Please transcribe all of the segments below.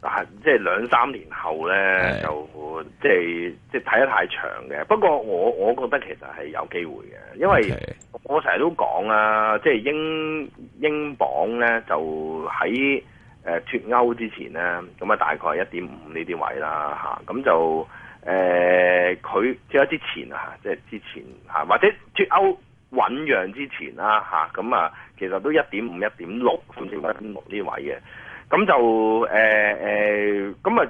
啊，即係兩三年後咧，是的就即係即係睇得太長嘅。不過我我覺得其實係有機會嘅，因為我成日都講啦、啊，即係英英鎊咧就喺誒脱歐之前咧，咁啊大概係一點五呢啲位啦嚇，咁、啊、就誒佢即係之前啊，即係之前嚇、啊，或者脱歐醖釀之前啦嚇，咁啊，啊其實都一點五一點六甚至一點六呢位嘅。咁就誒誒，咁、呃、啊、呃、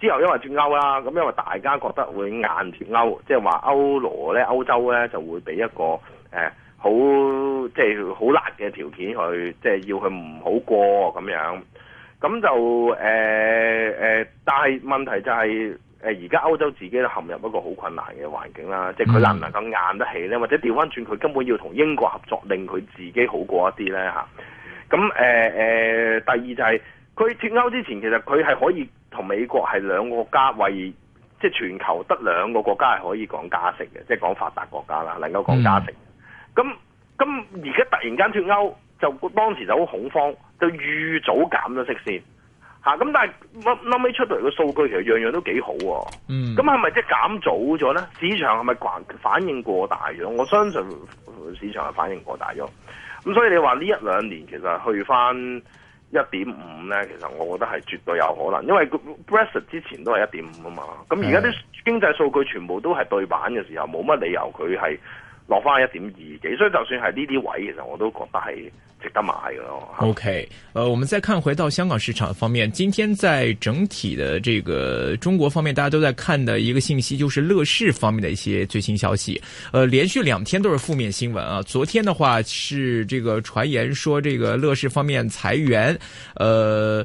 之後因為脱歐啦，咁因為大家覺得會硬脱歐，即係話歐羅咧、歐洲咧就會俾一個誒、呃、好即係好難嘅條件去，即、就、係、是、要佢唔好過咁樣。咁就誒、呃呃、但係問題就係而家歐洲自己都陷入一個好困難嘅環境啦，嗯、即係佢能唔能夠硬得起咧？或者調翻轉佢根本要同英國合作，令佢自己好過一啲咧嚇。咁、啊、誒、呃、第二就係、是。佢脱歐之前，其實佢係可以同美國係兩個國家為，為即係全球得兩個國家係可以講加息嘅，即係講發達國家啦，能夠講加息。咁咁而家突然間脱歐，就當時就好恐慌，就預早減咗息先嚇。咁、啊、但係後尾出到嚟個數據，其實樣樣都幾好喎、啊。咁係咪即係減早咗呢？市場係咪反反應過大咗？我相信市場係反應過大咗。咁所以你話呢一兩年其實去翻。一點五咧，其實我覺得係絕對有可能，因為 Brexit 之前都係一點五啊嘛，咁而家啲經濟數據全部都係對版嘅時候，冇乜理由佢係。落翻一點二幾，所以就算係呢啲位，其實我都覺得係值得買嘅咯。OK，呃，我們再看回到香港市場方面，今天在整體的這個中國方面，大家都在看的一個信息，就是樂視方面的一些最新消息。呃，連續兩天都是負面新聞啊！昨天的話是這個傳言說這個樂視方面裁員，呃。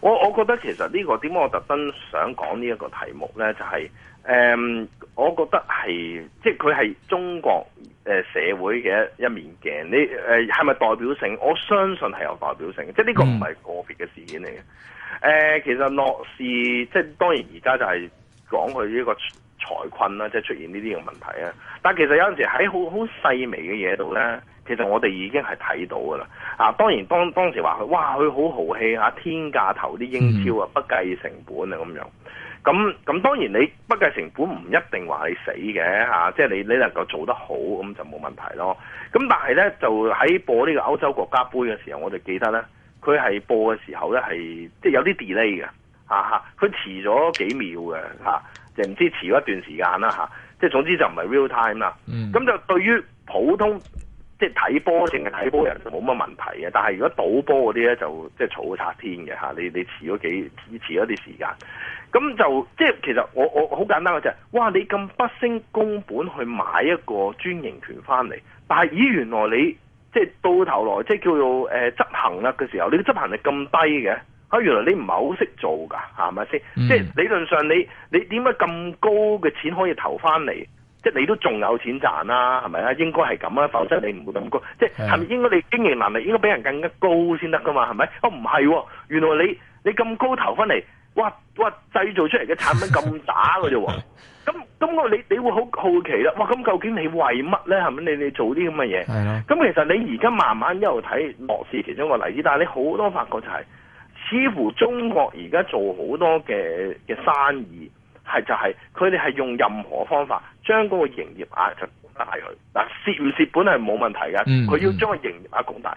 我我覺得其實呢、這個點解我特登想講呢一個題目呢，就係、是、誒、嗯，我覺得係即係佢係中國誒社會嘅一,一面鏡。你誒係咪代表性？我相信係有代表性，即係呢個唔係個別嘅事件嚟嘅。誒、呃，其實樂視即係當然而家就係講佢呢個財困啦，即係出現呢啲嘅問題啊。但係其實有陣時喺好好細微嘅嘢度呢。其實我哋已經係睇到噶啦，啊當然當當時話佢，哇佢好豪氣啊，天價投啲英超啊，不計成本啊咁樣。咁咁當然你不計成本唔一定話、啊就是、你死嘅嚇，即係你你能夠做得好，咁就冇問題咯。咁但係咧就喺播呢個歐洲國家杯嘅時候，我哋記得咧，佢係播嘅時候咧係即係有啲 delay 嘅，嚇嚇佢遲咗幾秒嘅嚇，就、啊、唔知遲咗一段時間啦嚇、啊。即係總之就唔係 real time 啦。咁、嗯、就對於普通。即係睇波，淨係睇波人就冇乜問題嘅。但係如果賭波嗰啲咧，就即、是、係嘈到拆天嘅吓。你你遲咗幾，你遲咗啲時間，咁就即係、就是、其實我我好簡單嘅啫、就是。哇！你咁不惜工本去買一個專營權翻嚟，但係咦原來你即係、就是、到頭來即係、就是、叫做誒執行力嘅時候，你嘅執行力咁低嘅啊？原來你唔係好識做㗎，係咪先？即係、嗯、理論上你你點解咁高嘅錢可以投翻嚟？即係你都仲有錢賺啦、啊，係咪啊？應該係咁啊，否則你唔會咁高。即係係咪應該你經營能力應該比人更加高先得噶嘛？係咪？哦，唔係喎，原來你你咁高投翻嚟，哇哇製造出嚟嘅產品咁渣嘅啫喎。咁咁我你你會好好奇啦。哇！咁究竟你為乜咧？係咪你你做啲咁嘅嘢？係咯的。咁其實你而家慢慢一路睇樂視其中個例子，但係你好多發覺就係、是，似乎中國而家做好多嘅嘅生意係就係佢哋係用任何方法。將嗰個營業額就擴大佢，嗱蝕唔蝕本係冇問題嘅，佢、嗯嗯、要將個營業額擴大，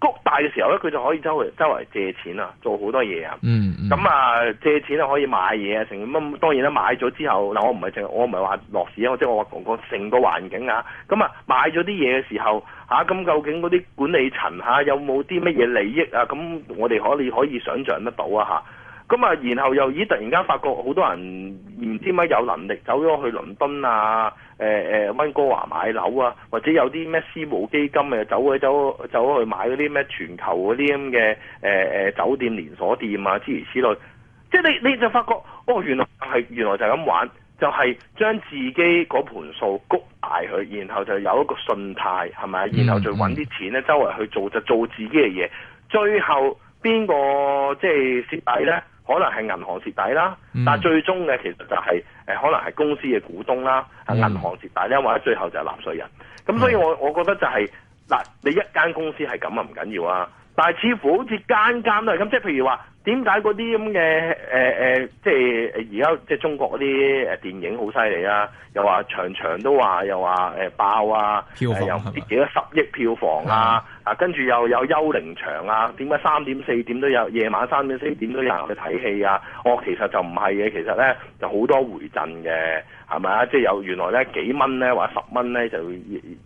擴大嘅時候咧，佢就可以周圍周圍借錢嗯嗯啊，做好多嘢啊，咁啊借錢咧可以買嘢啊，成咁啊當然啦買咗之後嗱我唔係淨我唔係話樂視啊，即係我話成個環境啊，咁啊買咗啲嘢嘅時候嚇，咁究竟嗰啲管理層嚇有冇啲乜嘢利益啊？咁我哋可以你可以想像得到啊嚇。咁啊，然後又咦？突然間發覺好多人唔知乜有能力走咗去倫敦啊，誒、呃、誒，呃、温哥華買樓啊，或者有啲咩私募基金啊，走去走走去買嗰啲咩全球嗰啲咁嘅誒酒店連鎖店啊，諸如此類。即係你你就發覺，哦，原來係原來就係咁玩，就係、是、將自己嗰盤數谷埋佢，然後就有一個信貸係咪？嗯、然後就揾啲錢咧，周圍去做就做自己嘅嘢。最後邊個即係蝕底咧？可能係銀行蝕底啦，嗯、但係最終嘅其實就係、是、誒，可能係公司嘅股東啦，係、嗯、銀行蝕底咧，或者最後就係納稅人。咁所以我我覺得就係、是、嗱，你一間公司是這樣係咁啊唔緊要啊，但係似乎好似間間都係咁，即係譬如話。點解嗰啲咁嘅誒即係而家即係中國嗰啲電影好犀利啦！又話場場都話，又話、呃、爆啊，票房、呃、有幾多十億票房啊？吧啊，跟住又有幽靈場啊？為什麼點解三點四點都有夜晚三點四點都有人去睇戲啊？我、啊、其實就唔係嘅，其實咧就好多回贈嘅，係咪啊？即係有原來咧幾蚊咧或者十蚊咧就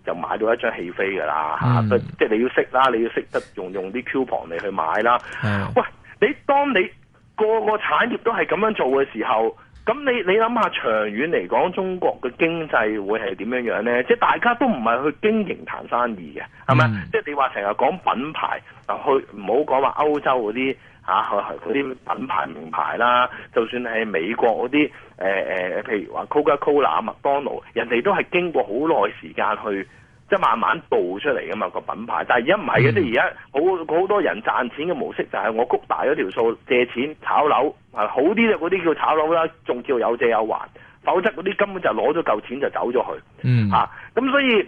就買到一張戲飛㗎啦嚇！即係你要識啦，你要識得用用啲 coupon 嚟去買啦。的喂！你當你個個產業都係咁樣做嘅時候，咁你你諗下長遠嚟講，中國嘅經濟會係點樣樣呢？即係大家都唔係去經營談生意嘅，係咪？即係你話成日講品牌，嗱，去唔好講話歐洲嗰啲嚇，嗰啲、啊、品牌名牌啦，就算係美國嗰啲，誒、呃、誒，譬如話 Coca-Cola、麥當勞，人哋都係經過好耐時間去。即係慢慢步出嚟噶嘛個品牌，但係而家唔係嘅，即係而家好好多人賺錢嘅模式就係我谷大咗條數，借錢炒樓，係好啲嘅嗰啲叫炒樓啦，仲叫有借有還，否則嗰啲根本就攞咗嚿錢就走咗去。嗯啊，咁所以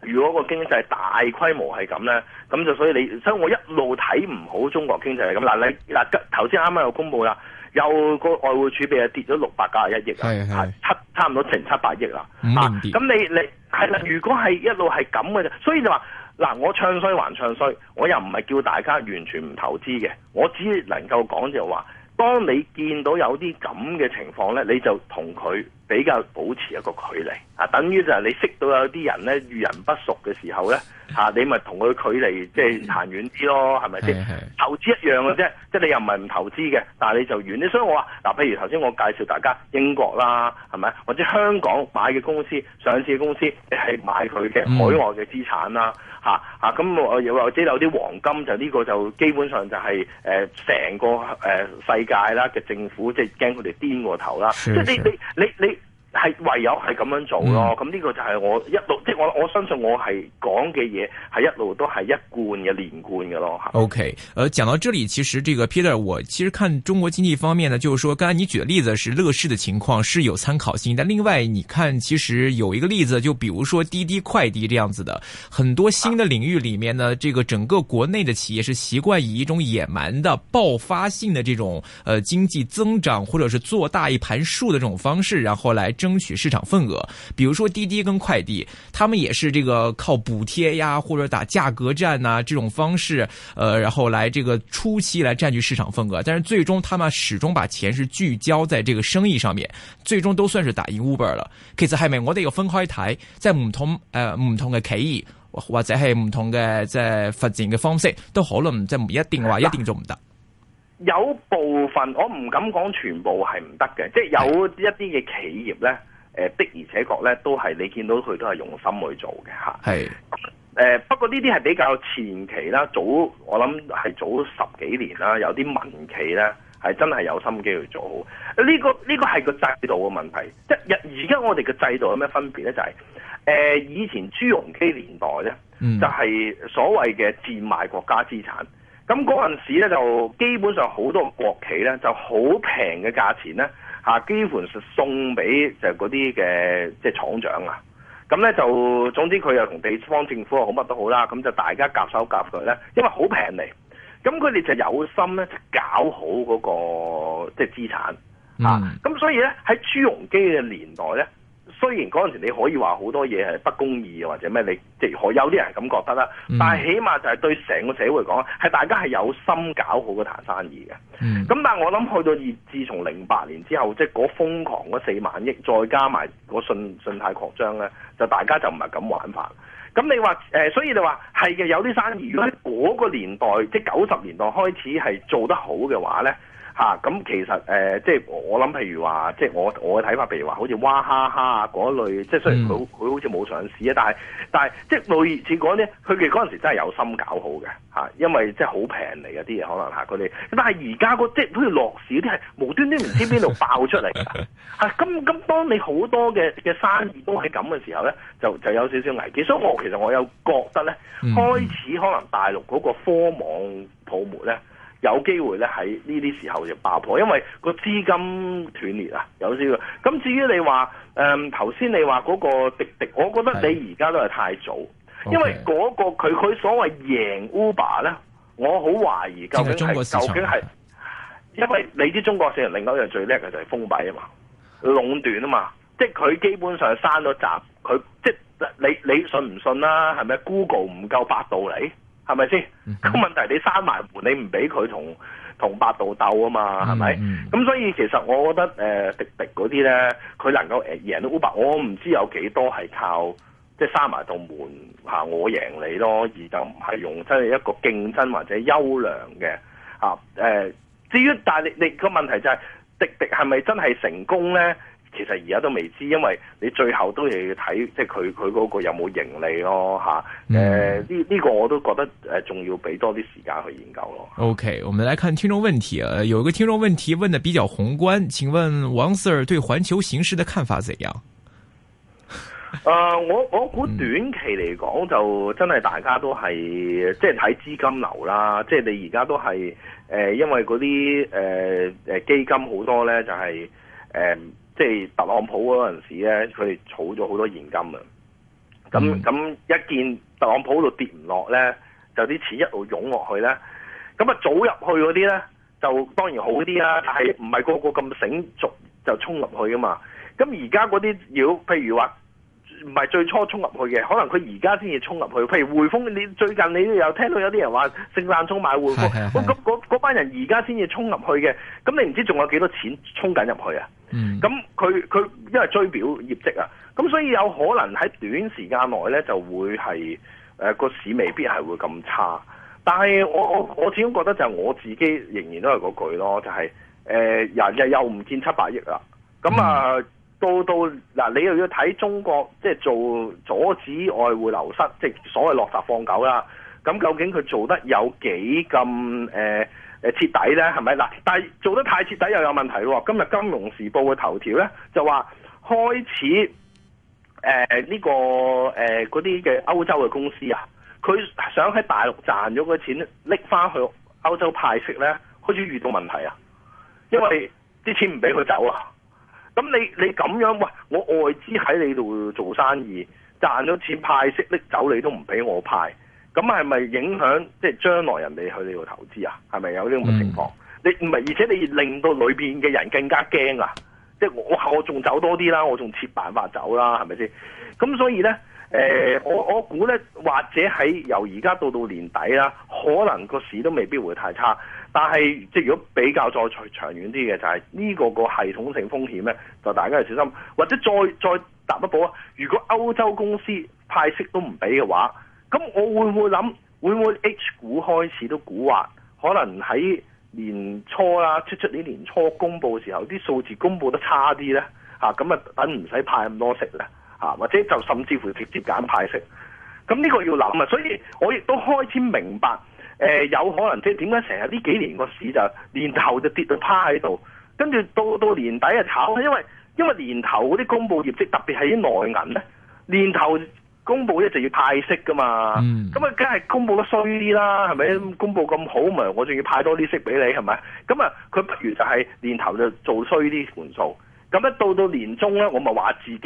如果個經濟大規模係咁咧，咁就所以你所以我一路睇唔好中國經濟係咁。嗱你嗱頭先啱啱有公布啦。又個外匯儲備啊跌咗六百九十一億，係係係七差唔多成七百億啦吓，咁年、啊、你你係啦，如果係一路係咁嘅，所以就話嗱，我唱衰還唱衰，我又唔係叫大家完全唔投資嘅，我只能夠講就話，當你見到有啲咁嘅情況咧，你就同佢。比較保持一個距離啊，等於就係你識到有啲人咧遇人不熟嘅時候咧，嚇、啊、你咪同佢距離即係行遠啲咯，係咪先？ 投資一樣嘅啫，即、就、係、是、你又唔係唔投資嘅，但係你就遠啲。所以我話嗱，譬、啊、如頭先我介紹大家英國啦，係咪？或者香港買嘅公司上市嘅公司，你係買佢嘅海外嘅資產啦，嚇嚇咁我又或者有啲黃金就呢個就基本上就係誒成個誒、呃、世界啦嘅政府即係驚佢哋癲過頭啦，即係你你你你。你你係唯有係咁樣做咯，咁呢、嗯、個就係我一路即係、就是、我我相信我係講嘅嘢係一路都係一貫嘅連貫嘅咯 O、okay, K，呃，講到這裡，其實這個 Peter，我其實看中國經濟方面呢，就是說，剛剛你舉的例子是樂視嘅情況是有參考性，但另外你看，其實有一個例子，就比如說滴滴快的這樣子的，很多新的領域裡面呢，這個整個國內嘅企業是習慣以一種野蠻的、爆發性的這種，呃，經濟增長或者是做大一盤數的這種方式，然後來。爭取市場份額，比如說滴滴跟快遞，他們也是這個靠補貼呀，或者打價格戰呐、啊、這種方式，呃，然後來這個初期來占據市場份額。但是最終他們始終把錢是聚焦在這個生意上面，最終都算是打贏 Uber 了。其實係咪我哋要分開睇，即係唔同誒唔同嘅企業或者係唔同嘅即係發展嘅方式，都可能即係唔一定話一定做唔得。 有部分我唔敢講全部係唔得嘅，即係有一啲嘅企業咧，誒是、呃、的而且確咧都係你見到佢都係用心去做嘅吓。係誒是、呃，不過呢啲係比較前期啦，早我諗係早十幾年啦，有啲民企咧係真係有心機去做好。呢、這個呢、這個係個制度嘅問題，即係而家我哋嘅制度有咩分別咧？就係、是、誒、呃、以前朱鎔基年代咧，嗯、就係所謂嘅賤賣國家資產。咁嗰陣時咧，就基本上好多國企咧，就好平嘅價錢咧，嚇幾乎送俾就嗰啲嘅即係廠長啊。咁咧就總之佢又同地方政府好乜都好啦，咁就大家夾手夾腳咧，因為好平嚟。咁佢哋就有心咧，就搞好嗰個即係資產啊。咁、嗯、所以咧，喺朱鎔基嘅年代咧。雖然嗰陣時你可以話好多嘢係不公義或者咩，你即係可有啲人咁覺得啦。但係起碼就係對成個社會嚟講，係大家係有心搞好個盤生意嘅。咁、嗯、但係我諗去到二，自從零八年之後，即係嗰瘋狂嗰四萬億，再加埋個信信貸擴張咧，就大家就唔係咁玩法。咁你話誒，所以你話係嘅，有啲生意如果嗰個年代，即係九十年代開始係做得好嘅話咧。咁、啊、其實誒、呃，即係我我諗，譬如話，即係我我嘅睇法，譬如話，好似娃哈哈啊嗰類，即係雖然佢佢、嗯、好似冇上市啊，但係但係即係類似講咧，佢哋嗰陣時真係有心搞好嘅嚇，因為即係好平嚟嘅啲嘢可能嚇啲、啊、但係而家嗰即係好似落市啲係無端端唔知邊度爆出嚟㗎嚇，咁咁當你好多嘅嘅生意都係咁嘅時候咧，就就有少少危機，所以我其實我有覺得咧，開始可能大陸嗰個科網泡沫咧。有機會咧喺呢啲時候就爆破，因為個資金斷裂啊，有啲嘅。咁至於你話誒頭先你話嗰個滴滴，我覺得你而家都係太早，的因為嗰、那個佢佢所謂贏 Uber 咧，我好懷疑究竟係究竟係因為你知中國市場另外一樣最叻嘅就係封閉啊嘛，壟斷啊嘛，即係佢基本上閂咗閘，佢即係你你信唔信啦、啊？係咪 Google 唔夠百度嚟？係咪先？個、mm hmm. 問題係你閂埋門，你唔俾佢同同百度鬥啊嘛？係咪？咁、mm hmm. 所以其實我覺得誒、呃、迪迪嗰啲咧，佢能夠誒贏到 Uber，我唔知道有幾多係靠即係閂埋道門嚇、啊、我贏你咯，而就唔係用真係一個競爭或者優良嘅嚇誒。至於但係你你個問題就係、係、迪迪係咪真係成功咧？其實而家都未知，因為你最後都要睇，即係佢佢嗰個有冇盈利咯、啊、吓。誒、啊，呢呢、嗯、個我都覺得誒，仲要俾多啲時間去研究咯、啊。OK，我們來看聽眾問題、啊、有一個聽眾問題問得比較宏觀，請問王 Sir 對環球形勢的看法怎樣？誒、呃，我我估短期嚟講就真係大家都係即係睇資金流啦。即係你而家都係誒、呃，因為嗰啲誒誒基金好多呢就係、是、誒。呃即係特朗普嗰陣時咧，佢哋儲咗好多現金啊！咁咁、嗯、一見特朗普度跌唔落咧，就啲錢一路湧落去咧。咁啊早入去嗰啲咧，就當然好啲啦、啊。但係唔係個個咁醒，逐就衝入去㗎嘛。咁而家嗰啲要，譬如話，唔係最初衝入去嘅，可能佢而家先至衝入去。譬如匯豐，你最近你都有聽到有啲人話聖誕衝買匯豐，咁嗰是、哦、班人而家先至衝入去嘅，咁你唔知仲有幾多錢衝緊入去啊？咁佢佢因為追表業績啊，咁所以有可能喺短時間內呢就會係誒個市未必係會咁差，但係我我我始終覺得就係我自己仍然都係嗰句咯，就係誒日又唔見七百億喇啊，咁啊。到到嗱，你又要睇中國即係做阻止外匯流失，即係所謂落實放狗啦。咁究竟佢做得有幾咁誒誒徹底咧？係咪嗱？但係做得太徹底又有問題喎。今日《金融時報》嘅頭條咧就話開始誒呢、呃這個誒嗰啲嘅歐洲嘅公司啊，佢想喺大陸賺咗嘅錢拎翻去歐洲派息咧，開始遇到問題啊，因為啲錢唔俾佢走啊。咁你你咁樣喂，我外資喺你度做生意賺咗錢派息拎走，你都唔俾我派，咁係咪影響即係將來人哋去你度投資啊？係咪有呢種情況？嗯、你唔係，而且你令到裏邊嘅人更加驚啊！即係我我仲走多啲啦，我仲設辦法走啦，係咪先？咁所以呢，誒、呃、我我估呢，或者喺由而家到到年底啦、啊，可能個市都未必會太差。但係，即係如果比較再長遠啲嘅，就係、是、呢個個系統性風險咧，就大家要小心。或者再再答一步啊！如果歐洲公司派息都唔俾嘅話，咁我會唔會諗會唔會 H 股開始都蠱惑？可能喺年初啦，出出呢年初公佈嘅時候，啲數字公佈得差啲咧嚇，咁啊就等唔使派咁多息呢、啊？或者就甚至乎直接揀派息。咁呢個要諗啊，所以我亦都開始明白。誒、呃、有可能即係點解成日呢幾年個市就年頭就跌到趴喺度，跟住到到年底啊炒，因為因為年頭嗰啲公佈業績特別係啲內銀咧，年頭公佈咧就要派息噶嘛，咁啊梗係公佈得衰啲啦，係咪？公佈咁好咪我仲要派多啲息俾你係咪？咁啊佢不如就係年頭就做衰啲盤數，咁一到到年中咧，我咪話自己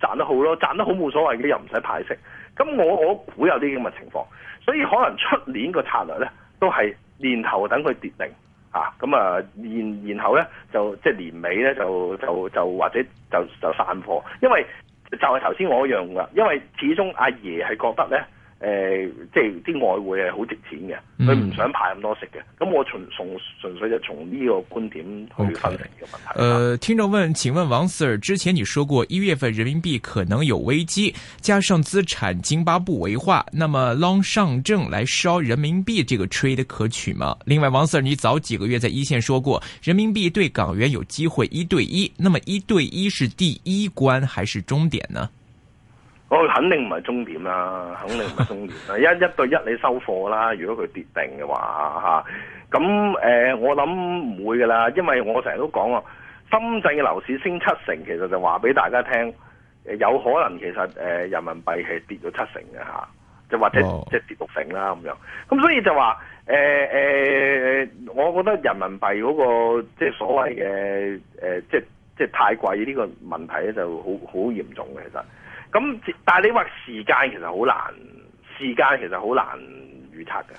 賺得好咯，賺得好冇所謂嘅，又唔使派息，咁我我估有啲咁嘅情況。所以可能出年個策略咧，都係年頭等佢跌零嚇，咁啊，然、啊、然後咧就即係年尾咧就就就或者就就散貨，因為就係頭先我一樣㗎，因為始終阿爺係覺得咧。誒、呃，即係啲外匯係好值錢嘅，佢唔想派咁多食嘅。咁我從從純，純粹就從呢個觀點去分析呢個問題。誒、Okay. 呃，聽眾問：請問王 Sir，之前你說過一月份人民幣可能有危機，加上資產津巴布韋化，那麼 long 上證來燒人民幣，這個 trade 可取嗎？另外，王 Sir，你早幾個月在一線說過人民幣對港元有機會一對一，那麼一對一是第一關還是終點呢？我肯定唔係終點啦，肯定唔係終點啦。 一一對一你收貨啦，如果佢跌定嘅話嚇。咁、啊、誒、呃，我諗唔會噶啦，因為我成日都講啊，深圳嘅樓市升七成，其實就話俾大家聽，有可能其實誒、呃、人民幣係跌咗七成嘅嚇、啊，就或者即係跌六成啦咁樣。咁所以就話誒誒，我覺得人民幣嗰、那個即係所謂嘅誒、呃，即係即係太貴呢個問題咧，就好好嚴重嘅其實。咁但係你話時間其實好難，時間其實好難預測嘅。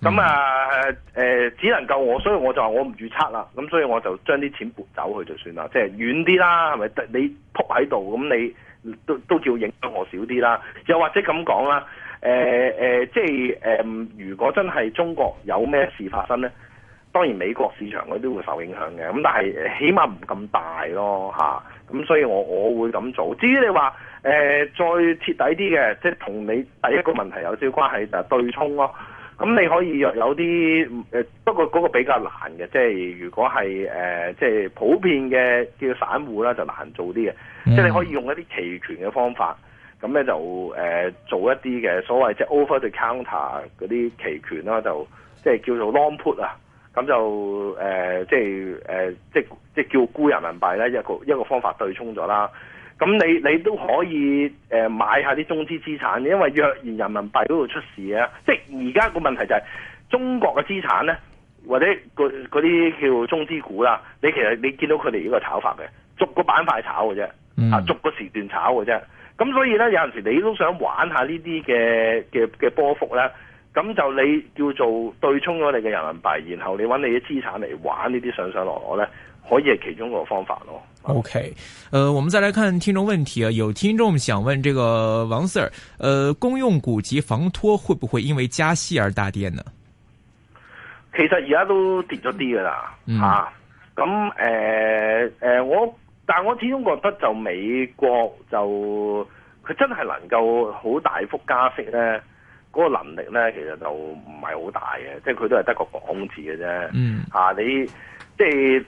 咁啊、嗯呃、只能夠我，所以我就話我唔預測啦。咁所以我就將啲錢撥走去就算啦，即係遠啲啦，係咪？你撲喺度咁，你都都叫影響我少啲啦。又或者咁講啦，誒、呃呃、即係、呃、如果真係中國有咩事發生咧，當然美國市場啲都會受影響嘅。咁但係起碼唔咁大咯，吓、啊。咁所以我我會咁做。至於你話，誒、呃、再徹底啲嘅，即係同你第一個問題有少少關係就係、是、對沖咯。咁你可以有啲誒、呃，不過嗰、那個比較難嘅，即係如果係誒、呃，即係普遍嘅叫散戶啦，就難做啲嘅。Mm. 即係你可以用一啲期權嘅方法，咁咧就誒、呃、做一啲嘅所謂即係 over the counter 嗰啲期權啦，就即係叫做 long put 啊。咁就誒、呃、即係誒、呃、即即叫沽人民幣咧一個一個方法對沖咗啦。咁你你都可以誒、呃、買下啲中資資產，因為若然人民幣嗰度出事咧，即係而家個問題就係、是、中國嘅資產咧，或者嗰啲叫中資股啦，你其實你見到佢哋呢個炒法嘅，逐個板塊炒嘅啫，啊逐個時段炒嘅啫，咁所以咧有陣時你都想玩下呢啲嘅嘅嘅波幅咧。咁就你叫做對沖咗你嘅人民幣，然後你搵你啲資產嚟玩呢啲上上落落咧，可以係其中一個方法咯。OK，呃，我們再來看聽眾問題啊，有聽眾想問這個王 Sir，呃，公用股及房託會不會因為加息而大跌呢？其實而家都跌咗啲噶啦，嚇、嗯，咁誒誒，我但係我始終覺得就美國就佢真係能夠好大幅加息咧。嗰個能力咧，其實就唔係好大嘅，即係佢都係得個講字嘅啫。嗯，啊、你即係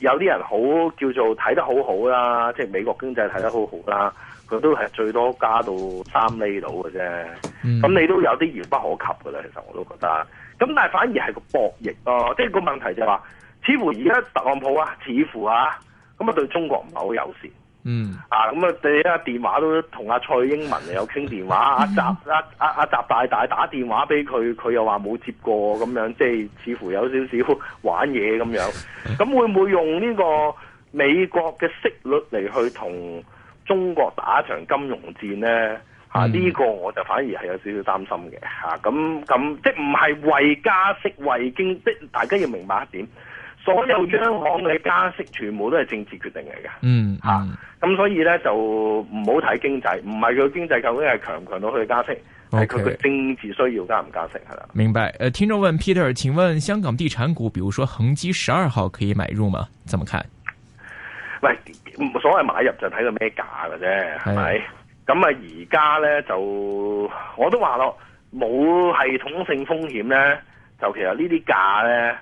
有啲人好叫做睇得好好啦，即係美國經濟睇得好好啦，佢都係最多加到三厘度嘅啫。咁、嗯、你都有啲遙不可及嘅啦，其實我都覺得。咁但係反而係個博弈咯，即係個問題就係話，似乎而家特朗普啊，似乎啊，咁啊對中國唔係好友善。嗯啊，咁啊，第一電話都同阿蔡英文有傾電話，阿、啊、習阿阿習大大打電話俾佢，佢又話冇接過咁樣，即係似乎有少少玩嘢咁樣。咁會唔會用呢個美國嘅息率嚟去同中國打一場金融戰呢？呢、嗯啊呢個我就反而係有少少擔心嘅，咁，咁即唔係為加息為經，即大家要明白一點。所有央行嘅加息，全部都係政治決定嚟嘅、嗯。嗯，嚇、啊，咁所以咧就唔好睇經濟，唔係佢經濟究竟係強唔強到去加息，係佢嘅政治需要加唔加息係啦。明白？誒、呃，聽眾問 Peter，請問香港地產股，比如說恒基十二號可以買入嗎？怎麼看？喂，所謂買入就睇到咩價㗎啫，係咪、哎呀？咁啊，而家咧就我都話咯，冇系統性風險咧，就其實價呢啲價咧。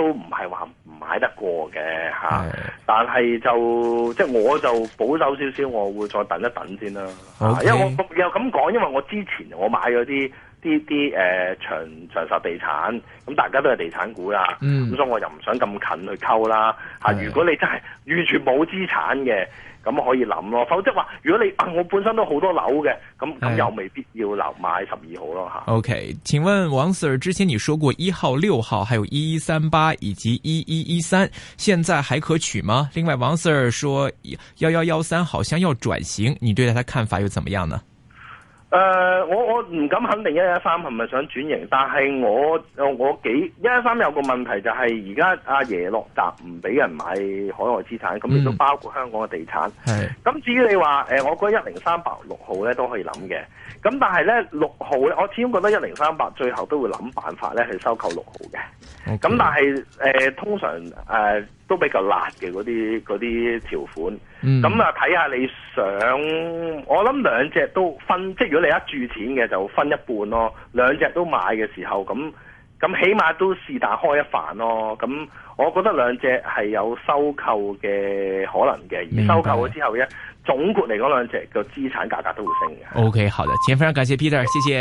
都唔係話唔買得過嘅的，但係就即係我就保守少少，我會再等一等先啦。Okay 因為我又咁講，因為我之前我買咗啲啲啲誒長長實地產，咁大家都係地產股啦，咁、嗯、所以我又唔想咁近去溝啦的，如果你真係完全冇資產嘅。咁可以諗咯，否則話如果你、啊、我本身都好多樓嘅，咁咁又未必要留買十二號咯吓。OK，請問王 Sir 之前你說過一號、六號，還有一一三八以及一一一三，現在還可取嗎？另外王 Sir 說幺幺幺三好像要轉型，你對他看法又怎麼樣呢？誒、呃，我我唔敢肯定一一三係咪想轉型，但係我我幾一一三有個問題就係，而家阿爺落閘唔俾人買海外資產，咁亦都包括香港嘅地產。咁的至於你話、呃、我覺得一零三八六號咧都可以諗嘅。咁但係咧六號咧，我始終覺得一零三八最後都會諗辦法咧去收購六號嘅。咁 Okay. 但係、呃、通常、呃都比較辣嘅嗰啲嗰啲條款，咁啊，睇下你想，我諗兩隻都分，即係如果你一注錢嘅就分一半咯，兩隻都買嘅時候，咁咁起碼都是但開一番咯，咁我覺得兩隻係有收購嘅可能嘅，而收購咗之後呢，白總括嚟講，兩隻嘅資產價格都會升嘅。OK，好的，請非常感謝 Peter，謝謝。